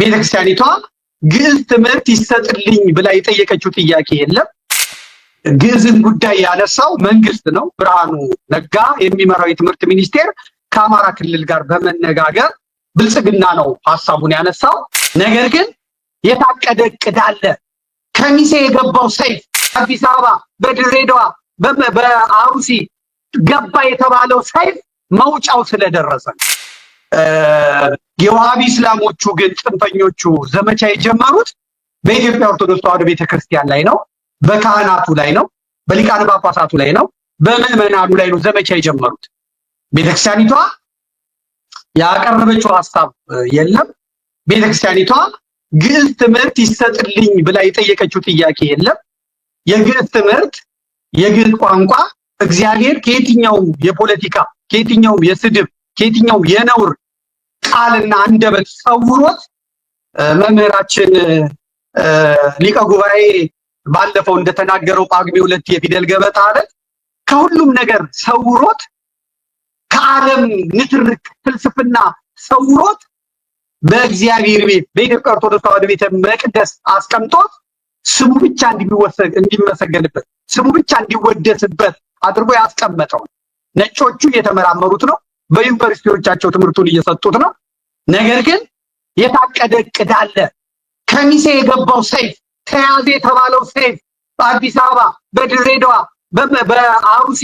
ቤተክርስቲያኒቷ ግዕዝ ትምህርት ይሰጥልኝ ብላ የጠየቀችው ጥያቄ የለም። ግዕዝን ጉዳይ ያነሳው መንግስት ነው። ብርሃኑ ነጋ የሚመራው የትምህርት ሚኒስቴር ከአማራ ክልል ጋር በመነጋገር ብልጽግና ነው ሀሳቡን ያነሳው። ነገር ግን የታቀደ እቅድ አለ። ከሚሴ የገባው ሰይፍ አዲስ አበባ፣ በድሬዳዋ፣ በአሩሲ ገባ የተባለው ሰይፍ መውጫው ስለደረሰ ነው። የውሃቢ እስላሞቹ ግን ጽንፈኞቹ ዘመቻ የጀመሩት በኢትዮጵያ ኦርቶዶክስ ተዋህዶ ቤተክርስቲያን ላይ ነው፣ በካህናቱ ላይ ነው፣ በሊቃነ ጳጳሳቱ ላይ ነው፣ በምዕመናኑ ላይ ነው ዘመቻ የጀመሩት። ቤተክርስቲያኒቷ ያቀረበችው ሀሳብ የለም። ቤተክርስቲያኒቷ ግዕዝ ትምህርት ይሰጥልኝ ብላ የጠየቀችው ጥያቄ የለም። የግዕዝ ትምህርት የግዕዝ ቋንቋ እግዚአብሔር ከየትኛውም የፖለቲካ ከየትኛውም የስድብ ከየትኛውም የነውር ቃልና አንደበት ሰውሮት መምህራችን ሊቀ ጉባኤ ባለፈው እንደተናገረው ጳጉሜ ሁለት የፊደል ገበታ አለ ከሁሉም ነገር ሰውሮት ከዓለም ንትርክ ፍልስፍና ሰውሮት በእግዚአብሔር ቤት በኢትዮጵያ ኦርቶዶክስ ተዋሕዶ ቤተ መቅደስ አስቀምጦት ስሙ ብቻ እንዲመሰገንበት ስሙ ብቻ እንዲወደስበት አድርጎ ያስቀመጠው ነጮቹ እየተመራመሩት ነው። በዩኒቨርሲቲዎቻቸው ትምህርቱን እየሰጡት ነው። ነገር ግን የታቀደ እቅድ አለ። ከሚሴ የገባው ሰይፍ ተያዘ የተባለው ሰይፍ በአዲስ አበባ፣ በድሬዳዋ፣ በአሩሲ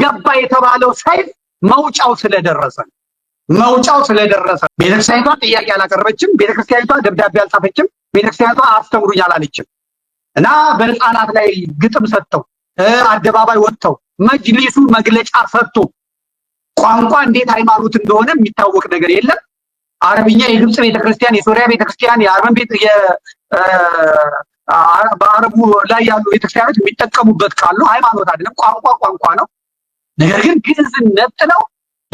ገባ የተባለው ሰይፍ መውጫው ስለደረሰ መውጫው ስለደረሰ ቤተክርስቲያኒቷ ጥያቄ አላቀረበችም። ቤተክርስቲያኒቷ ደብዳቤ አልጻፈችም። ቤተክርስቲያኒቷ አስተምሩኝ አላለችም እና በህፃናት ላይ ግጥም ሰጥተው አደባባይ ወጥተው መጅሊሱ መግለጫ ሰጥቶ ቋንቋ እንዴት ሃይማኖት እንደሆነ የሚታወቅ ነገር የለም። አረብኛ የግብፅ ቤተክርስቲያን፣ የሶሪያ ቤተክርስቲያን፣ የአረብ ቤት በአረቡ ላይ ያሉ ቤተክርስቲያኖች የሚጠቀሙበት ቃል ነው። ሃይማኖት አይደለም። ቋንቋ ቋንቋ ነው። ነገር ግን ግዕዝን ነጥለው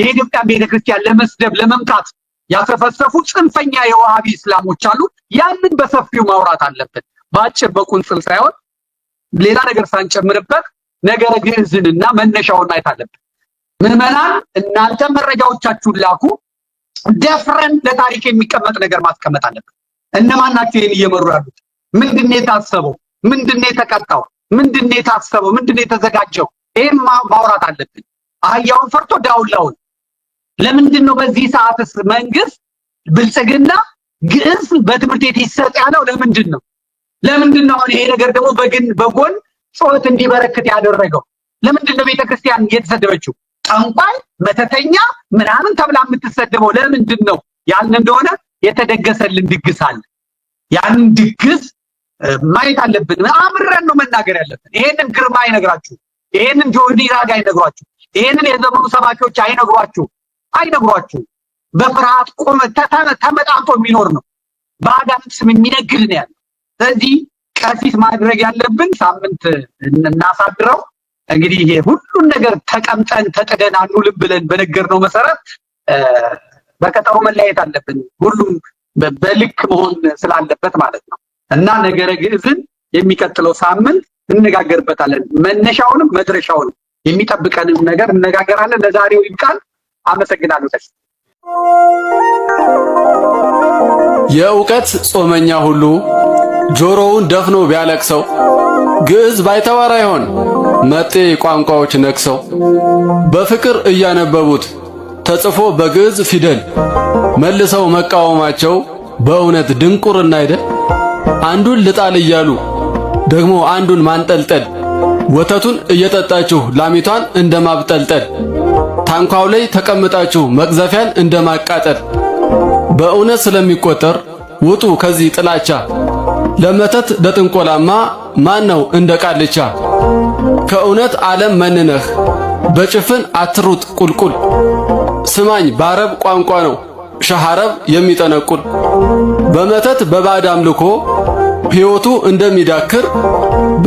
የኢትዮጵያን ቤተክርስቲያን ለመስደብ ለመምታት ያሰፈሰፉ ጽንፈኛ የዋሃቢ እስላሞች አሉ። ያንን በሰፊው ማውራት አለብን። በአጭር በቁንጽል ሳይሆን ሌላ ነገር ሳንጨምርበት ነገረ ግዕዝንና መነሻውን ማየት አለብን። ምዕመናን እናንተ መረጃዎቻችሁን ላኩ። ደፍረን ለታሪክ የሚቀመጥ ነገር ማስቀመጥ አለብን። እነማን ናቸው ይህን እየመሩ ያሉት? ምንድን የታሰበው? ምንድን የተቀጣው? ምንድን የታሰበው? ምንድን የተዘጋጀው? ይህም ማውራት አለብን። አህያውን ፈርቶ ዳውላውን። ለምንድን ነው በዚህ ሰዓትስ መንግስት ብልጽግና ግዕዝ በትምህርት ቤት ይሰጥ ያለው ለምንድን ነው? ለምንድን ነው አሁን ይሄ ነገር ደግሞ በግን በጎን ጾት እንዲበረክት ያደረገው? ለምንድን ነው ቤተክርስቲያን እየተሰደበችው? ጠንቋይ፣ መተተኛ ምናምን ተብላ የምትሰደበው ለምንድን ነው ያልን እንደሆነ የተደገሰልን ድግስ አለ። ያንን ድግስ ማየት አለብን። አምረን ነው መናገር ያለብን። ይሄንን ግርማ አይነግራችሁ፣ ይሄንን ጆኒ ራግ አይነግሯችሁ፣ ይሄንን የዘመኑ ሰባኪዎች አይነግሯችሁ አይነግሯችሁ። በፍርሃት ቆመ ተመጣምጦ የሚኖር ነው። በአጋንንት ስም የሚነግድ ነው ያለው። ስለዚህ ቀሲስ ማድረግ ያለብን ሳምንት እናሳድረው እንግዲህ ይሄ ሁሉን ነገር ተቀምጠን ተጥደን አንውልም ብለን በነገርነው መሰረት በቀጠሮ መለያየት አለብን። ሁሉም በልክ መሆን ስላለበት ማለት ነው እና ነገረ ግዕዝን የሚቀጥለው ሳምንት እንነጋገርበታለን። መነሻውንም መድረሻውንም የሚጠብቀንም ነገር እነጋገራለን። ለዛሬው ይብቃል። አመሰግናለሁ። ተሽ የእውቀት ጾመኛ ሁሉ ጆሮውን ደፍኖ ቢያለቅሰው ግዕዝ ባይተዋራ ይሆን። መጤ ቋንቋዎች ነክሰው በፍቅር እያነበቡት ተጽፎ በግዕዝ ፊደል መልሰው መቃወማቸው በእውነት ድንቁርና አይደል? አንዱን ልጣል እያሉ ደግሞ አንዱን ማንጠልጠል፣ ወተቱን እየጠጣችሁ ላሚቷን እንደ ማብጠልጠል፣ ታንኳው ላይ ተቀምጣችሁ መቅዘፊያን እንደ ማቃጠል። በእውነት ስለሚቆጠር ውጡ ከዚህ ጥላቻ። ለመተት ለጥንቆላማ ማን ነው እንደ ቃልቻ? ከእውነት ዓለም መንነህ በጭፍን አትሩጥ ቁልቁል። ስማኝ በአረብ ቋንቋ ነው ሸሃረብ የሚጠነቁል በመተት በባዕድ አምልኮ ሕይወቱ እንደሚዳክር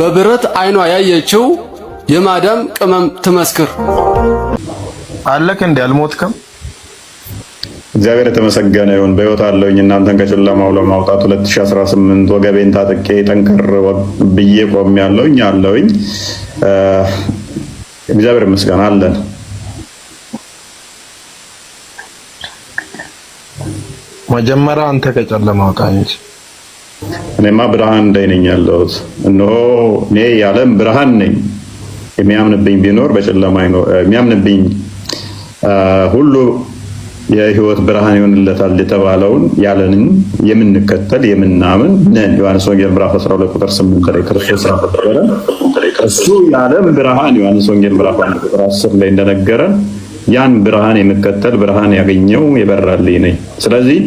በብረት አይኗ ያየችው የማዳም ቅመም ትመስክር። አለክ እንዴ አልሞትክም? እግዚአብሔር የተመሰገነ ይሁን። በህይወት አለውኝ እናንተን ከጨለማው ለማውጣት 2018 ወገቤን ታጥቄ ጠንከር ብዬ ቆም ያለውኝ አለውኝ። እግዚአብሔር ይመስገን አለን። መጀመሪያ አንተ ከጨለማው አውጣ እንጂ እኔማ ብርሃን ነኝ ያለሁት እነሆ እኔ የዓለም ብርሃን ነኝ። የሚያምንብኝ ቢኖር በጨለማ የሚያምንብኝ ሁሉ የህይወት ብርሃን ይሆንለታል የተባለውን ያለንን የምንከተል የምናምን ነን። ዮሐንስ ወንጌል ምዕራፍ 12 ቁጥር 8 ላይ ክርስቶስ ተፈጠረ፣ እሱ የዓለም ብርሃን ዮሐንስ ወንጌል ምዕራፍ 1 ቁጥር 10 ላይ እንደነገረን ያን ብርሃን የምከተል ብርሃን ያገኘው የበራልኝ ነኝ። ስለዚህ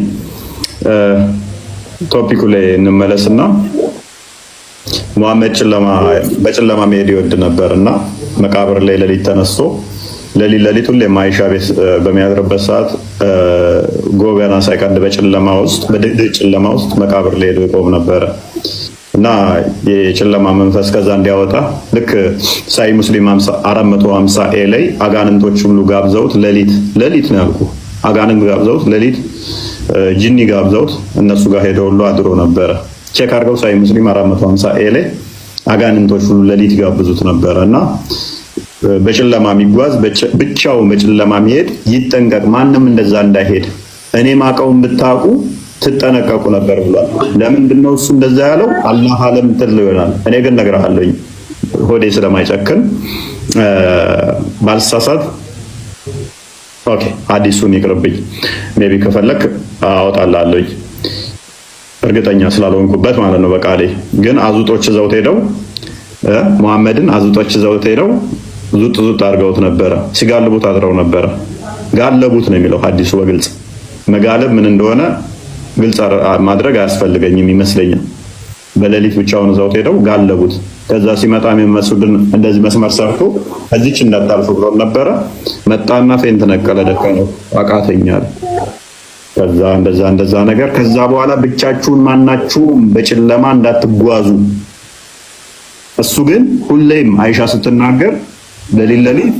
ቶፒኩ ላይ እንመለስና ሙሐመድ በጨለማ መሄድ ይወድ ነበር እና መቃብር ላይ ለሊት ተነስቶ ለሊት ለሊት ሁሌ ማይሻ ቤት በሚያድርበት ሰዓት ጎበና ሳይቀድ በጨለማ ውስጥ በድቅድቅ ጨለማ ውስጥ መቃብር ላይ ሄዶ ይቆም ነበረ እና የጨለማ መንፈስ ከዛ እንዲያወጣ ልክ ሳይ ሙስሊም 450 ኤ ላይ አጋንንቶች ሁሉ ጋብዘውት ለሊት ለሊት ነው ያልኩ። አጋንንት ጋብዘውት ለሊት ጂኒ ጋብዘውት እነሱ ጋር ሄደው ሁሉ አድሮ ነበረ። ቼክ አድርገው ሳይ ሙስሊም 450 ኤ ላይ አጋንንቶች ሁሉ ለሊት ጋብዙት ነበረ እና በጨለማ የሚጓዝ ብቻው በጨለማ የሚሄድ ይጠንቀቅ፣ ማንም እንደዛ እንዳይሄድ እኔ ማቀውን ብታውቁ ትጠነቀቁ ነበር ብሏል። ለምንድን ነው እሱ እንደዛ ያለው? አላህ አለም ትል ይሆናል። እኔ ግን እነግርሃለሁኝ ሆዴ ስለማይጨክን ባልሳሳት። ኦኬ ሀዲሱን ይቅርብኝ። ሜቢ ከፈለክ አወጣላለሁኝ እርግጠኛ ስላልሆንኩበት ማለት ነው። በቃሌ ግን አዙጦች ዘውት ሄደው ሙሐመድን አዙጦች ዘውት ሄደው ዙጥ ዙጥ አድርገውት ነበረ፣ ሲጋልቡት አድረው ነበረ። ጋለቡት ነው የሚለው ሀዲሱ በግልጽ መጋለብ ምን እንደሆነ ግልጽ ማድረግ አያስፈልገኝም ይመስለኛል። በሌሊት ብቻውን እዛውት ሄደው ጋለቡት። ከዛ ሲመጣ የሚመስሉን እንደዚህ መስመር ሰርቶ እዚች እንዳታልፉ ብሎ ነበረ። መጣና ፌንት ነቀለ፣ ደከመው፣ አቃተኛል። ከዛ እንደዛ እንደዛ ነገር ከዛ በኋላ ብቻችሁን ማናችሁም በጨለማ እንዳትጓዙ። እሱ ግን ሁሌም አይሻ ስትናገር ለሊት ለሊት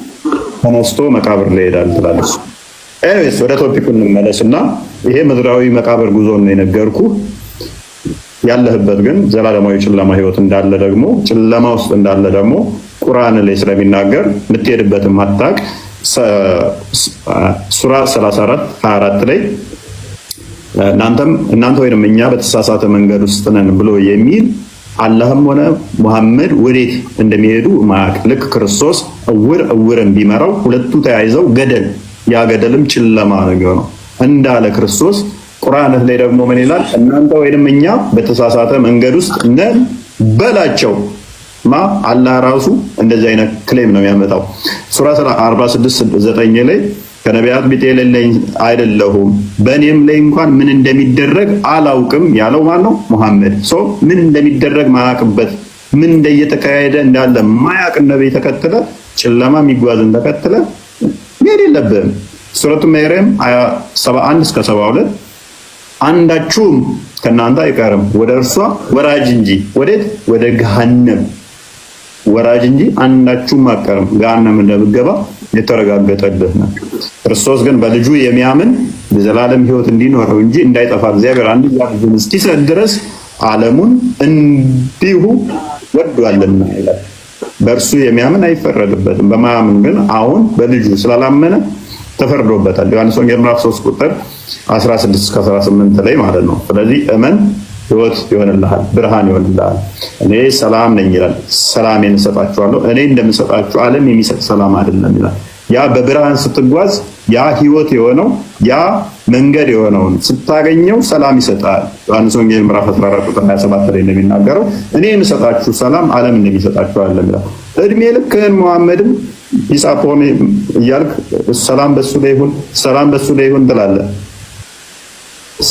ተነስቶ መቃብር ላይ ይሄዳል ትላለች። ኤኒዌይስ ወደ ቶፒኩ እንመለስ እና ይሄ ምድራዊ መቃብር ጉዞ ነው የነገርኩ። ያለህበት ግን ዘላለማዊ ጨለማ ህይወት እንዳለ ደግሞ ጨለማ ውስጥ እንዳለ ደግሞ ቁርአን ላይ ስለሚናገር የምትሄድበትም ማታቅ ሱራ 34 24 ላይ እናንተም እናንተ ወይንም እኛ በተሳሳተ መንገድ ውስጥ ነን ብሎ የሚል አላህም ሆነ ሙሐመድ ወዴት እንደሚሄዱ ማቅ ልክ ክርስቶስ እውር እውርን ቢመራው ሁለቱ ተያይዘው ገደል፣ ያ ገደልም ጨለማ ነገር ነው እንዳለ ክርስቶስ ቁርአንህ ላይ ደግሞ ምን ይላል? እናንተ ወይንም እኛ በተሳሳተ መንገድ ውስጥ ነን በላቸው። ማ አላህ ራሱ እንደዚህ አይነት ክሌም ነው የሚያመጣው ሱራ 46 9 ላይ ከነቢያት ቢጤ የሌለኝ አይደለሁም በእኔም ላይ እንኳን ምን እንደሚደረግ አላውቅም ያለው ማን ነው? ሙሐመድ። ሰው ምን እንደሚደረግ ማያውቅበት ምን እንደየተካሄደ እንዳለ ማያቅ ነቢይ ተከትለ ጨለማ የሚጓዝን ተከትለ መሄድ የለብህም። ሱረቱ መርየም 71 እስከ 72 አንዳችሁም ከእናንተ አይቀርም ወደ እርሷ ወራጅ እንጂ ወዴት? ወደ ገሃነም ወራጅ እንጂ አንዳችሁም አቀርም ገሃነም እንደምገባ የተረጋገጠለት ነው። ክርስቶስ ግን በልጁ የሚያምን የዘላለም ሕይወት እንዲኖረው እንጂ እንዳይጠፋ እግዚአብሔር አንድያ ልጁን እስኪሰጥ ድረስ ዓለሙን እንዲሁ ወዷልና ይላል። በእርሱ የሚያምን አይፈረድበትም፣ በማያምን ግን አሁን በልጁ ስላላመነ ተፈርዶበታል። ዮሐንስ ወንጌል ምዕራፍ 3 ቁጥር 16 እስከ 18 ላይ ማለት ነው። ስለዚህ እመን ህይወት ይሆንልሃል፣ ብርሃን ይሆንልሃል። እኔ ሰላም ነኝ ይላል። ሰላሜን እሰጣችኋለሁ፣ እኔ እንደምሰጣችሁ ዓለም የሚሰጥ ሰላም አይደለም ይላል። ያ በብርሃን ስትጓዝ ያ ህይወት የሆነው ያ መንገድ የሆነውን ስታገኘው ሰላም ይሰጣል። ዮሐንስ ወንጌል ምዕራፍ 14 ቁጥር 27 ላይ እንደሚናገረው እኔ የምሰጣችሁ ሰላም ዓለም እንደሚሰጣችሁ አለ ብላ እድሜ ልክህን መሐመድም ይጻፎን እያልክ ሰላም በሱ ላይ ይሁን፣ ሰላም በሱ ላይ ይሁን ትላለህ።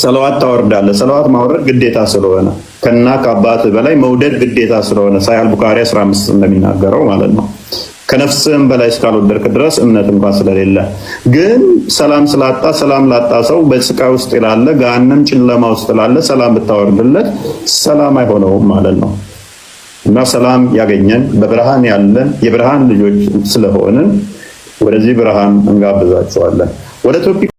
ሰለዋት ታወርዳለህ። ሰለዋት ማውረድ ግዴታ ስለሆነ ከና ከአባት በላይ መውደድ ግዴታ ስለሆነ ሳይህ አል ቡኻሪ 15 እንደሚናገረው ማለት ነው። ከነፍስህም በላይ እስካልወደድክ ድረስ እምነት እንኳ ስለሌለ ግን ሰላም ስላጣ ሰላም ላጣ ሰው በስቃይ ውስጥ ላለ ጋንም ጨለማ ውስጥ ላለ ሰላም ብታወርድለት ሰላም አይሆነውም ማለት ነው። እና ሰላም ያገኘን በብርሃን ያለን የብርሃን ልጆች ስለሆንን ወደዚህ ብርሃን እንጋብዛቸዋለን ወደ